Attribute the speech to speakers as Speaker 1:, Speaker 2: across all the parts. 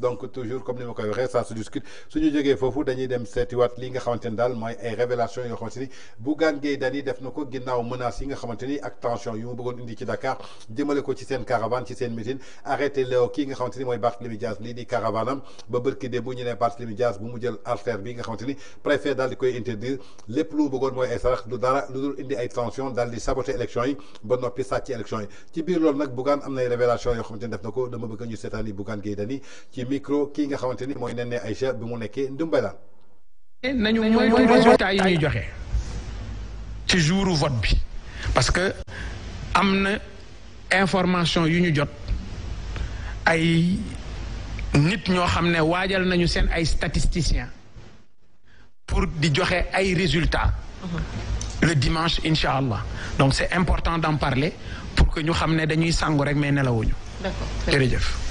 Speaker 1: donc toujours comme ni ma koy ça se discute suñu jógee foofu dañuy dem seetiwaat li nga xamante ni daal mooy ay révélation yoo xamante ni Bougane Gueye Dany def na ko ginnaaw menaces yi nga xamante ni ak tension yu mu bëggoon indi ci Dakar jëmale ko ci seen caravane ci seen meeting arrêté léo kii nga xamante ni mooy Barthélémy Dias lii di caravane am ba bërki dé bu ñu ne Barthélémy Dias bu mu jël artère bi nga xamante préfet daal di koy interdire lépp lu mu bëggoon mooy ay sarax du dara lu dul indi ay tension daal di saboter élection yi ba sa sàcc élection yi ci biir loolu nag Bougane am nay révélation yoo xamante ni def na ko dama bëgg ñu seetaan yi Bougane Gueye ci micro kii nga xamanteni moy mooy Néné Aïcha bi mu nekkee Ndumbalaan.
Speaker 2: nañu moy résultat yi ñuy joxé ci jouru vote bi parce que amna information yu ñu jot ay nit ño xamné wajal nañu sen ay statisticiens pour di joxé ay résultats. Mhm. le dimanche inshallah donc c'est important d'en parler pour que ñu xamné dañuy sangu rek mais nelawuñu. d'accord jërëjëf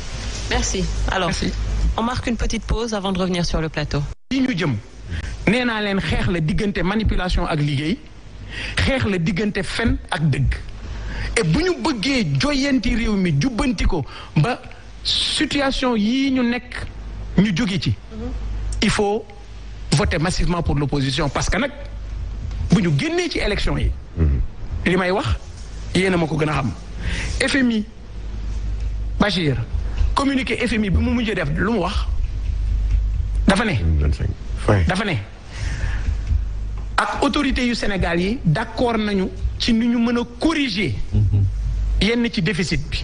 Speaker 2: merci alors merci. on marque une petite pause avant de revenir sur le plateau. li ñu jëm nee naa leen la diggante manipulation ak liggéey xeex la diggante fen ak dëgg et bu ñu bëggee joyanti réew mi jubbanti ko ba situation yii ñu nekk ñu jóge ci. Mhm. il faut voter massivement pour l'opposition parce que nag bu ñu génnee ci élection yi. Mhm. li may wax yéen a ma ko xam FMI Bachir communiqué FMI bi mu def lu wax dafa dafa ak autorité yu Sénégal yi corriger. yenn ci déficit bi.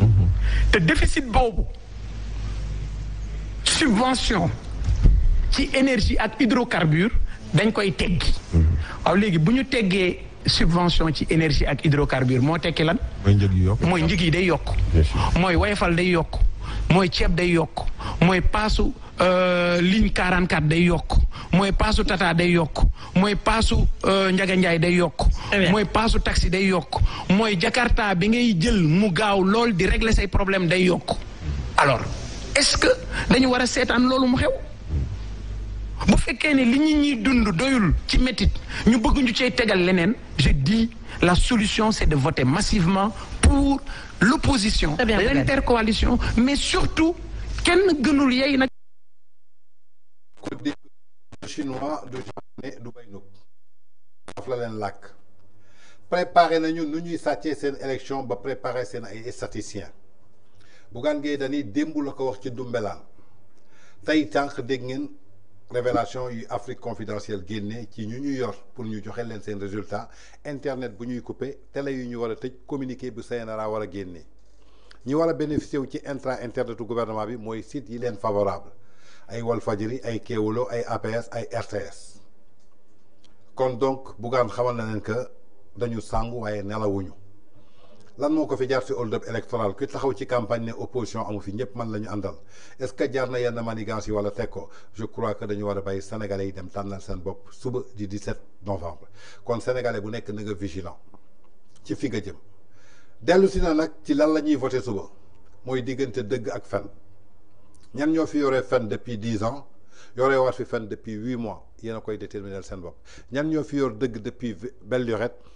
Speaker 2: déficit subvention ci énergie ak hydrocarbure dañ koy vous subvention ci énergie ak hydrocarbure moo tekki lan.
Speaker 1: yi
Speaker 2: day wayfal day moy ceeb day yok moy passu euh ligne 44 day yok moy passu tata day yok moy passu euh Njaga Njaay day yok moy passu taxi day yok moy Jakarta bi ngay jël mu gaaw lol di régler ses problèmes day yok alors est-ce que dañu wara sétane lolou mu xew bu fekkee ne li ñu ñi dund doyul ci métit ñu bëgg ñu cay tegal leneen je dis la solution c'est de voter massivement pour l'opposition l'intercoalition mais surtout kenn gënul yey nag
Speaker 1: chinois du japonais du bay nug daf la leen làkk préparé nañu nu ñuy sàccee seen élection ba préparé sen ay statisticien bu gan Dany dañi la lako wax ci Dumbelaan tey tànq dégg ngeen révélation yu Afrique confidentielle Guinée ci ñu ñu yor pour nous donner les résultats internet bu ñuy couper, télé yu ñu war a communiquer communiqué bu CNRA war a génne ñi war bénéficier bénéficié wu ci intra du gouvernement bi moy site yi leen favorable ay Walfadjri ay Kewoulo ay APS ay RTS kon donc Bougane xamal na leen que dañu sangu waye nelawuñu lan moko fi jaar ci hold up électoral ki taxaw ci campagne ne opposition amu fi ñëpp man lañu andal est-ce que jaar na yenn manigance wala teg je crois que dañu wara bay sénégalais yi dem tanal seen bopp suba di 17 novembre kon sénégalais bu nek na nga vigilant ci fi nga jëm dellu si na nag ci lan lañuy voter suba moy diggante dëgg ak fen ñan ñoo fi yoré fen depuis 10 ans yoré waat fi fen depuis 8 mois yena koy déterminer seen bopp ñan ñoo fi yor dëgg depuis belle lurette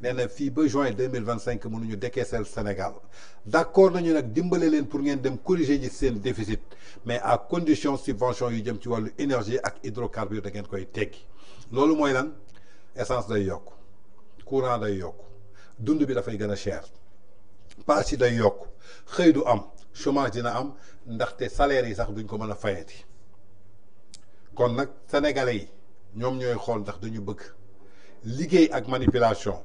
Speaker 1: nee na fii ba juin deux mille vingt cinq Sénégal D'accord, nañu nak dimbalé len pour ngeen dem corriger ji sen déficit mais à condition subvention yu jëm ci walu énergie ak hydrocarbure da ngeen koy teggi lolu moy lan essence day yok courant day yok dund bi da fay gëna cher paas day yok xëy du am chômage dina am ndaxte salaire yi sax duñ ko mëna fayati kon nak sénégalais ñom ñoy xol ndax dañu bëgg liggéey ak manipulation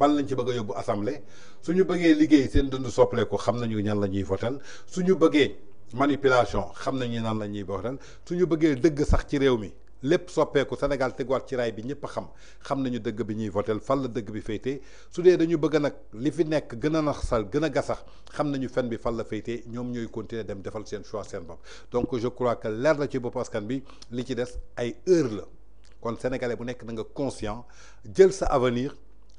Speaker 1: ban lañ ci bëgg a yóbbu assemblée suñu bëggee liggéey seen dund soppaleeku xam nañu ñan la ñuy votel suñu bëggee manipulation xam nañu nan la ñuy votel suñu bëggee dëgg sax ci réew mi lépp soppeeku Sénégal teguwaat ci raay bi ñëpp xam xam nañu dëgg bi ñuy votel fan la dëgg bi féetee su dee dañu bëgg nag li fi nekk gën a naxsal gën a gasax xam nañu fen bi fan la féetee ñoom ñooy continuer dem defal seen choix seen bopp donc je crois que leer la ci bopp askan bi li ci des ay heure la kon sénégalais bu nekk na nga conscient jël sa avenir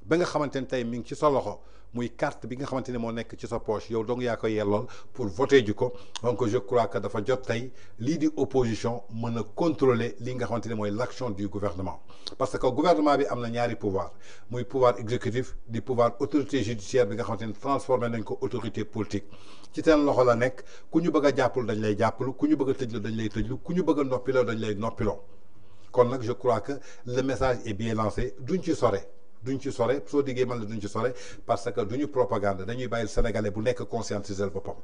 Speaker 1: ba nga xamantene tay mi ngi ci sa loxo muy carte bi nga xamantene mo nek ci sa poche yow donc ya ko yellool pour voter ju ko donc je crois que dafa jot tay li di opposition meuna contrôler li nga xamantene moy l'action du gouvernement parce que gouvernement bi amna ñaari pouvoir muy pouvoir exécutif di pouvoir autorité judiciaire bi nga xamantene transformer transformé nañ ko autorité politique ci seen loxo la nek ku ñu bëgg a dañ lay jappul ku ñu bëgg a dañ lay tëjlu ku ñu bëgg a la dañ lay noppiloo kon nak je crois que le message est bien lancé duñ ci soré duñ ci sore soo diggee man la duñ ci sore parce que duñu propagande dañuy bàyyi sénégalais bu nekk conscientiser boppam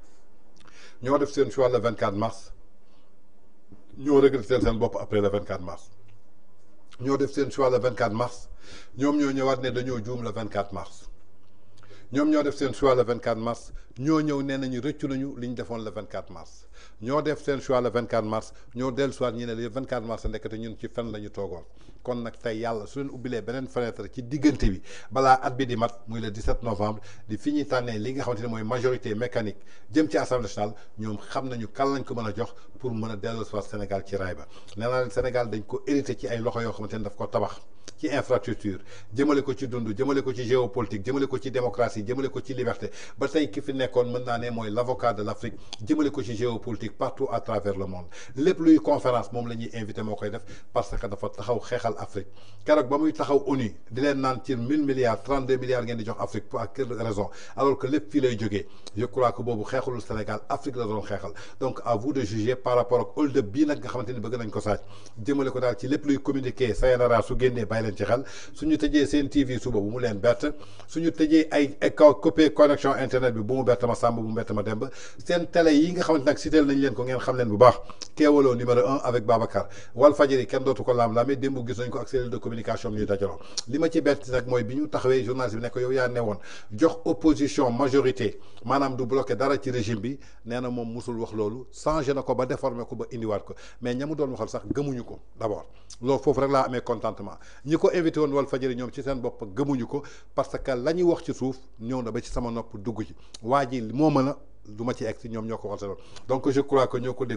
Speaker 1: ñoo def seen choix le 24 mars ñoo regretter seen bopp après le 24 mars ñoo def seen choix le 24 mars ñoom ñoo ñëwaat ne dañoo juum le 24 mars. Nous ñoo def seen choix le 24 mars ñoo ñëw nee nañu nañu li defoon le 24 mars ñoo def choix le 24 mars ñoo sommes le 24 mars nekk ñun ci fen la ñu kon nag tey yàlla su leen ubbilee fenêtre ci diggante bi at bi di le 17 novembre di fi ñuy li nga majorité mécanique jëm ci assemblée nationale ñoom xam nañu kan lañ ko mën jox pour mën a le Sénégal ci raay ba Sénégal dañ ko hérité ci ay loxo yoo xamante daf ko tabax ci infrastructure jëmale ko ci dund jëmale ko ci géopolitique jëmale ko ci démocratie jëmale ko ci liberté ba tey ki fi nekkoon mën naa ne mooy l'avocat de l'Afrique jëmale ko ci géopolitique partout à travers le monde lépp luy conférence moom la ñuy invité moo koy def parce que dafa taxaw xeexal Afrique keroog ba muy taxaw ONU di leen naan ci 1000 milliards 32 milliards ngeen di jox Afrique pour quelle raison alors que lépp fii lay jógee je crois que boobu xeexalul Sénégal Afrique la doon xeexal donc à vous de juger par rapport ak hold Bien bii nag nga xamante ni bëgg nañ ko saaj jëmale ko daal ci lépp luy communiquer su génnee bàyyi ci xel suñu tëjee seen TV suba bu mu leen bett suñu tëjee ay coupé connexion internet bi bu mu bett ma sàmb bu mu bett ma demb seen télé yi nga xamante nag citeel nañ leen ko ngeen xam leen bu baax Kéwoulo numéro 1 avec Babacar wal Walfadjri kenn dootu ko laam-laamee démb gis nañ ko ak cellule de communication bi ñuy dajaloo li ma ci bett nag mooy bi ñu taxawee journaliste bi ne ko yow yaa ne jox opposition majorité maanaam du bloqué dara ci régime bi nee na moom musul wax loolu changé na ko ba déformé ko ba indiwaat ko mais ñamu doon waxal sax gëmuñu ko d'abord loolu foofu rek laa amee contentement ñi ko invité woon Walfadjri ñoom ci seen bopp gëmuñu ko parce que la ñuy wax ci suuf ñëw na ba ci sama nopp dugg ci waa ji moo mën a du ma ci egg si ñoom ñoo ko waxtaloon donc je crois que ñoo ko dégg